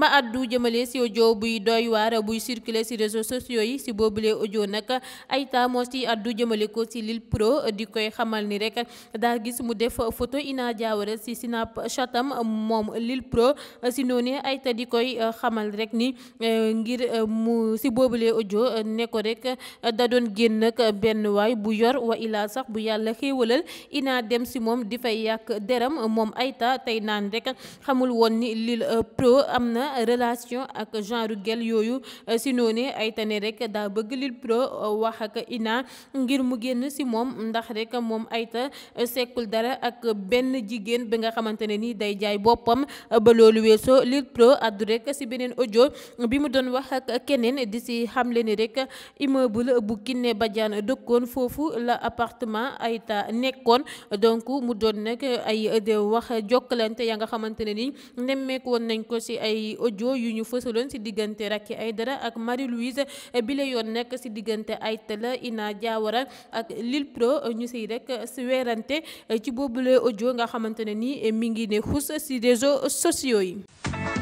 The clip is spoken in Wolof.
ma addu jëmale si audio buy dooy waar buy circuler si réseaux sociaux yi si boobule audio nag Aïta moo si addu jëmale ko si Lil Pro di koy xamal ni rek daa gis mu def photo Ina Diawara si Snapchat am moom Lil Pro si noonu Aïta di koy xamal rek ni ngir mu si boobule ojo ne ko rek da doon génn benn waay bu yor wa ilaa sax bu yàlla xéewalal Ina dem si moom di fay yàq deram moom Aïta tey naan rek xamul woon ni Lil Pro am na na relation ak genre gel yooyu euh, si noonu ay tane rek daa bëgg Lil Pro euh, wax ak Ina ngir mu génn si moom ndax rek moom Aïta euh, sekkul dara ak benn jigéen bi nga xamante ne ni day jaay boppam ba loolu weesoo Lil Pro addu rek si beneen ojo bi mu doon wax ak keneen di si xamle ni rek immeuble bu Kiné Badiane dëkkoon foofu la appartement ayta nekkoon donc mu doon nag ay de wax jokkalante ya nga xamante ni nemmeeku woon nañ ko si ay audio yu ñu fësaloon ci diggante ay dara ak Marie Louise bile yoon nekk ci diggante ay Aïtala Ina Diawara ak Lil Pro ñu siy rekk si weerante ci boobule audio nga xamante ne nii mi ngi ne xus si réseaux sociaux yi.